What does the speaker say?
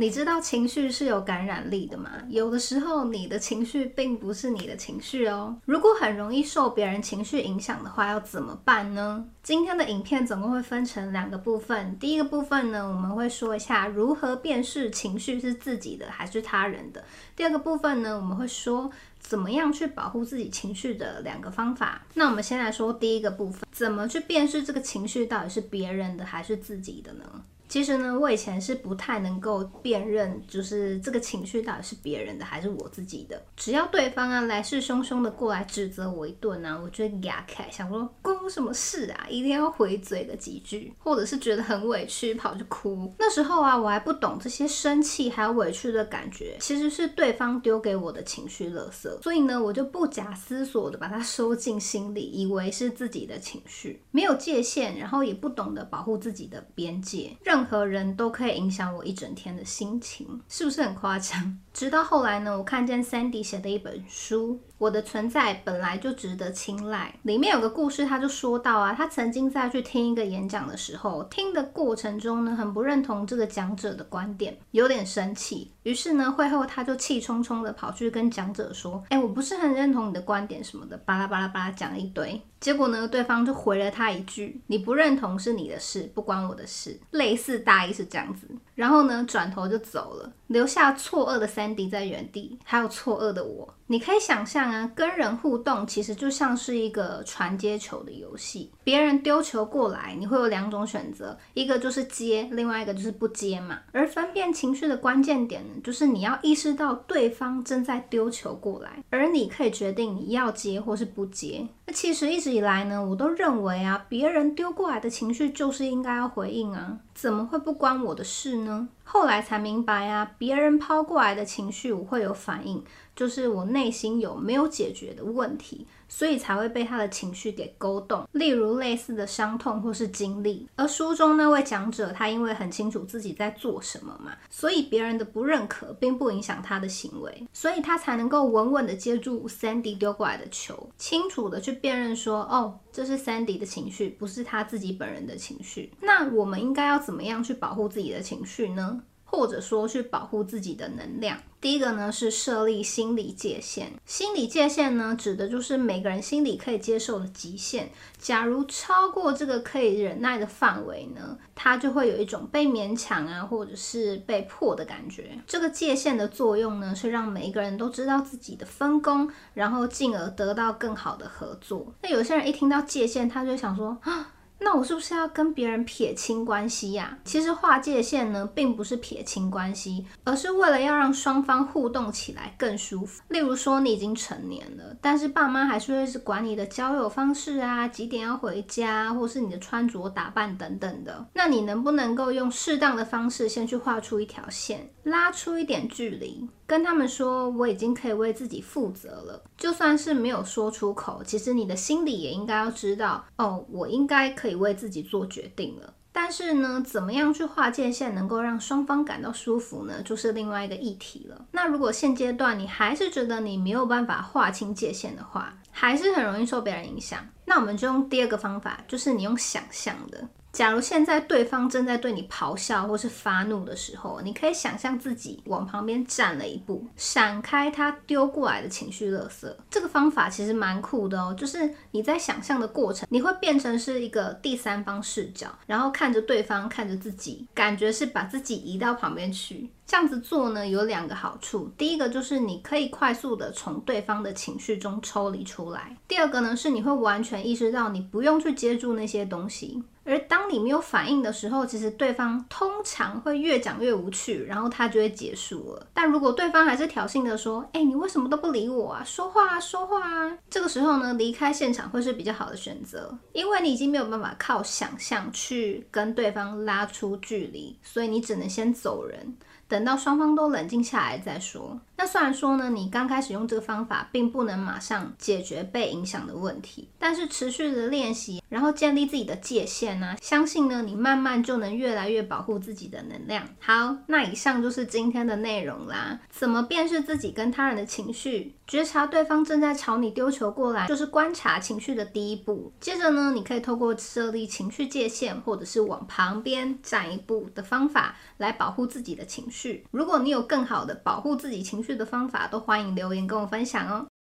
你知道情緒是有感染力的嗎？有的時候你的情緒並不是你的情緒哦。如果很容易受別人情緒影響的話，要怎麼辦呢？今天的影片總共會分成兩個部分。第一個部分呢，我們會說一下如何辨識情緒是自己的還是他人的。第二個部分呢，我們會說怎麼樣去保護自己情緒的兩個方法。那我們先來說第一個部分，怎麼去辨識這個情緒到底是別人的還是自己的呢？其實呢，我以前是不太能夠辨認，就是這個情緒到底是別人的還是我自己的。只要對方啊來勢洶洶的過來指責我一頓呢、啊，我就啞開，想說關我什麼事啊，一定要回嘴個幾句，或者是覺得很委屈，跑去哭。那時候啊，我還不懂這些生氣還有委屈的感覺，其實是對方丟給我的情緒垃圾。所以呢，我就不假思索的把它收進心裡，以為是自己的情緒，沒有界限，然後也不懂得保護自己的邊界，讓任何人都可以影響我一整天的心情，是不是很誇張？直到後來呢，我看見 Sandy 寫的一本書。我的存在本來就值得青睞。裡面有個故事，他就說到啊，他曾經在去聽一個演講的時候，聽的過程中呢，很不認同這個講者的觀點，有點生氣。於是呢，會後他就氣沖沖的跑去跟講者說，哎、欸，我不是很認同你的觀點什麼的，巴拉巴拉巴拉講一堆。結果呢，對方就回了他一句，你不認同是你的事，不關我的事。類似大意是這樣子。然後呢，轉頭就走了。留下錯愕的 Sandy 在原地，還有錯愕的我。你可以想象啊，跟人互動其實就像是一個傳接球的遊戲，別人丟球過來，你會有兩種選擇，一個就是接，另外一個就是不接嘛。而分辨情緒的關鍵點呢，就是你要意識到對方正在丟球過來，而你可以決定你要接或是不接。那其實一直以來呢，我都認為啊，別人丟過來的情緒就是應該要回應啊，怎麼會不關我的事呢？後來才明白啊，別人拋過來的情緒，我會有反應，就是我內心有沒有解決的問題，所以才會被他的情緒給勾動。例如類似的傷痛或是經歷。而書中那位講者，他因為很清楚自己在做什麼嘛，所以別人的不認可並不影響他的行為，所以他才能夠穩穩的接住 Sandy 丟過來的球，清楚的去辨認說，哦，這是 Sandy 的情緒，不是他自己本人的情緒。那我們應該要怎麼樣去保護自己的情緒呢？或者說去保護自己的能量。第一個呢，是設立心理界限。心理界限呢，指的就是每個人心裡可以接受的極限。假如超過這個可以忍耐的範圍呢，他就會有一種被勉強啊，或者是被迫的感覺。這個界限的作用呢，是讓每一個人都知道自己的分工，然後進而得到更好的合作。那有些人一聽到界限，他就想說啊。那我是不是要跟別人撇清關係呀、啊？其實劃界線呢，並不是撇清關係，而是為了要讓雙方互動起來更舒服。例如說，你已經成年了，但是爸媽還是會是管你的交友方式啊，幾點要回家，或是你的穿着打扮等等的。那你能不能夠用適當的方式，先去畫出一條線，拉出一點距離，跟他們說，我已經可以為自己負責了。就算是沒有說出口，其實你的心裡也應該要知道哦，我應該可以。以為自己做決定了，但是呢，怎麼樣去劃界限能夠讓雙方感到舒服呢？就是另外一個議題了。那如果現階段你還是覺得你沒有辦法劃清界限的話，還是很容易受別人影響，那我們就用第二個方法，就是你用想象的。假如現在對方正在對你咆哮或是發怒的時候，你可以想象自己往旁邊站了一步，閃開他丟過來的情緒垃圾。這個方法其實蠻酷的哦，就是你在想象的過程，你會變成是一個第三方視角，然後看着對方，看着自己，感覺是把自己移到旁邊去。這樣子做呢，有兩個好處。第一個就是你可以快速的從對方的情緒中抽離出來；第二個呢是你會完全意識到你不用去接住那些東西。而當你沒有反應的時候，其實對方通常會越講越無趣，然後他就會結束了。但如果對方還是挑釁的說：“哎，你為什麼都不理我啊？說話啊，說話啊！”這個時候呢，離開現場會是比較好的選擇，因為你已經沒有辦法靠想象去跟對方拉出距離，所以你只能先走人。等到雙方都冷靜下來再說。那雖然說呢，你剛開始用這個方法並不能馬上解決被影響的問題，但是持續的練習，然後建立自己的界限呢啊，相信呢，你慢慢就能越來越保護自己的能量。好，那以上就是今天的內容啦。怎麼辨識自己跟他人的情緒？覺察對方正在朝你丟球過來，就是觀察情緒的第一步。接着呢，你可以透過設立情緒界限，或者是往旁邊站一步的方法，來保護自己的情緒。如果你有更好的保護自己情緒的方法，都歡迎留言跟我分享哦。